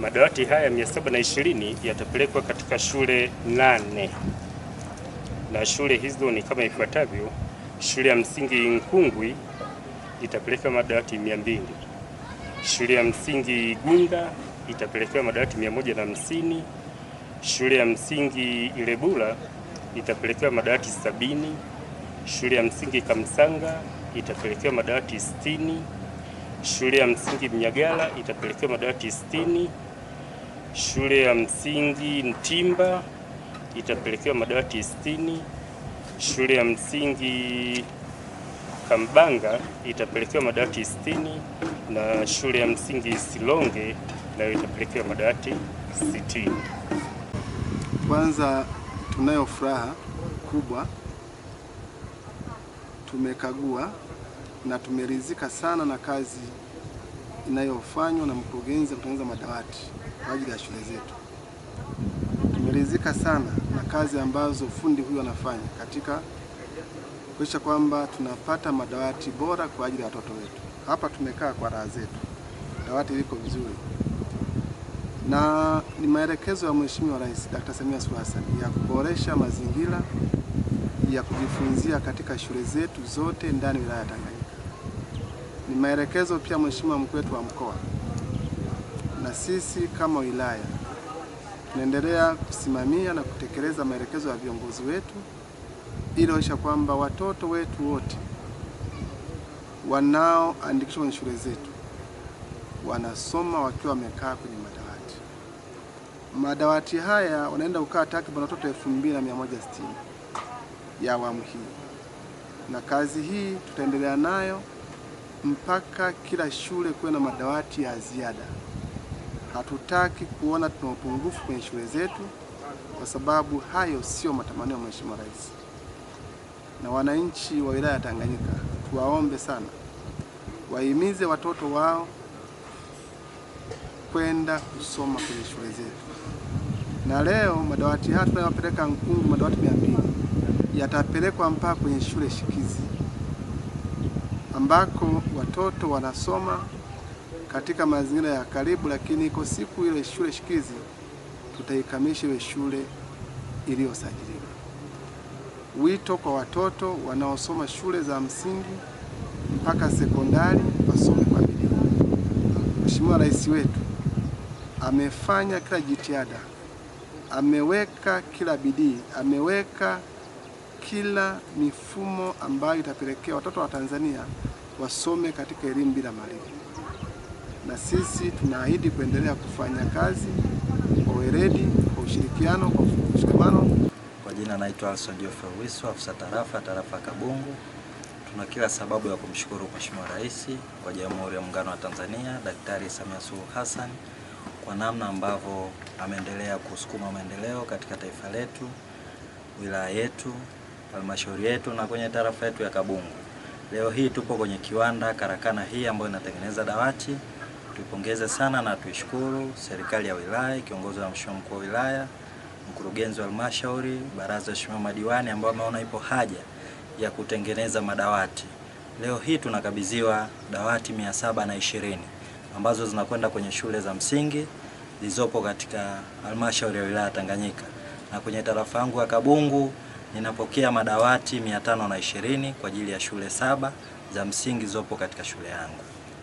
madawati haya 720 yatapelekwa katika shule nane na shule hizo ni kama ifuatavyo. Shule ya msingi Nkungwi itapelekewa madawati 200. Shule ya msingi Igunda itapelekewa madawati 150. Shule ya msingi Ilebula itapelekewa madawati sabini. Shule ya msingi Kamsanga itapelekewa madawati 60, Shule ya msingi Mnyagala itapelekewa madawati sitini. Shule ya msingi Ntimba itapelekewa madawati 60. Shule ya msingi Kambanga itapelekewa madawati 60 na shule ya msingi Silonge nayo itapelekewa madawati 60. Kwanza tunayo furaha kubwa, tumekagua na tumeridhika sana na kazi inayofanywa na mkurugenzi wa kutengeneza madawati kwa ajili ya shule zetu. Tumeridhika sana na kazi ambazo fundi huyu anafanya katika kuhakikisha kwamba tunapata madawati bora kwa ajili ya watoto wetu. Hapa tumekaa kwa raha zetu, dawati liko vizuri na ni maelekezo ya Mheshimiwa Rais Dr. Samia Suluhu Hassan ya kuboresha mazingira ya kujifunzia katika shule zetu zote ndani ya wilaya ya Tanganyika. Ni maelekezo pia Mheshimiwa mkuu wetu wa mkoa na sisi kama wilaya tunaendelea kusimamia na kutekeleza maelekezo ya viongozi wetu ili kuhakikisha kwamba watoto wetu wote wanaoandikishwa kwenye shule zetu wanasoma wakiwa wamekaa kwenye madawati. Madawati haya wanaenda kukaa takriban watoto 2160 ya awamu hii, na kazi hii tutaendelea nayo mpaka kila shule kuwe na madawati ya ziada. Hatutaki kuona tuna upungufu kwenye shule zetu, kwa sababu hayo sio matamanio ya Mheshimiwa Rais. Na wananchi wa wilaya ya Tanganyika tuwaombe sana wahimize watoto wao kwenda kusoma kwenye shule zetu. Na leo madawati haya tunayopeleka Nkungu, madawati mia mbili yatapelekwa mpaka kwenye shule shikizi ambako watoto wanasoma katika mazingira ya karibu, lakini iko siku ile shule shikizi tutaikamilisha iwe shule iliyosajiliwa. Wito kwa watoto wanaosoma shule za msingi mpaka sekondari wasome kwa bidii. Mheshimiwa Rais wetu amefanya kila jitihada, ameweka kila bidii, ameweka kila mifumo ambayo itapelekea watoto wa Tanzania wasome katika elimu bila malipo na sisi tunaahidi kuendelea kufanya kazi kwa weledi, kwa ushirikiano, kwa mshikamano. Kwa jina naitwa Alson Joffe Wiso, afisa tarafa tarafa Kabungu. Tuna kila sababu ya kumshukuru Mheshimiwa Rais wa Jamhuri ya Muungano wa Tanzania Daktari Samia Suluhu Hassan kwa namna ambavyo ameendelea kusukuma maendeleo katika taifa letu, wilaya yetu, halmashauri yetu na kwenye tarafa yetu ya Kabungu. Leo hii tupo kwenye kiwanda karakana hii ambayo inatengeneza dawati. Tuipongeze sana na tuishukuru serikali ya wilaya ikiongozwa na mheshimiwa mkuu wa wilaya, mkurugenzi wa halmashauri, baraza la madiwani ambao wameona ipo haja ya kutengeneza madawati. Leo hii tunakabidhiwa dawati mia saba na ishirini ambazo zinakwenda kwenye shule za msingi zilizopo katika halmashauri ya wilaya Tanganyika, na kwenye tarafa yangu ya Kabungu ninapokea madawati mia tano na ishirini kwa ajili ya shule saba za msingi zilizopo katika shule yangu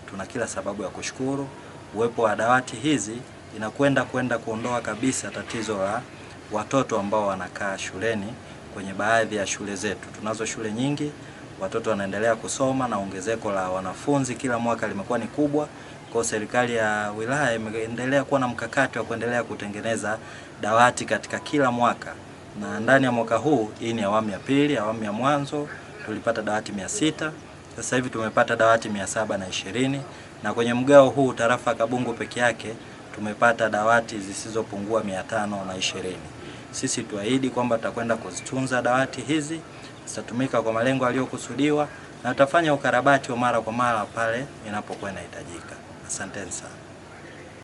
tuna kila sababu ya kushukuru. Uwepo wa dawati hizi inakwenda kwenda kuondoa kabisa tatizo la watoto ambao wanakaa shuleni kwenye baadhi ya shule zetu. Tunazo shule nyingi, watoto wanaendelea kusoma na ongezeko la wanafunzi kila mwaka limekuwa ni kubwa. Kwa serikali ya wilaya imeendelea kuwa na mkakati wa kuendelea kutengeneza dawati katika kila mwaka, na ndani ya mwaka huu, hii ni awamu ya pili. Awamu ya mwanzo tulipata dawati mia sita. Sasa hivi tumepata dawati mia saba na ishirini na kwenye mgao huu tarafa Kabungu peke yake tumepata dawati zisizopungua mia tano na ishirini. Sisi tuahidi kwamba tutakwenda kuzitunza dawati hizi, zitatumika kwa malengo yaliyokusudiwa na tutafanya ukarabati wa mara kwa mara pale inapokuwa inahitajika. Asanteni sana.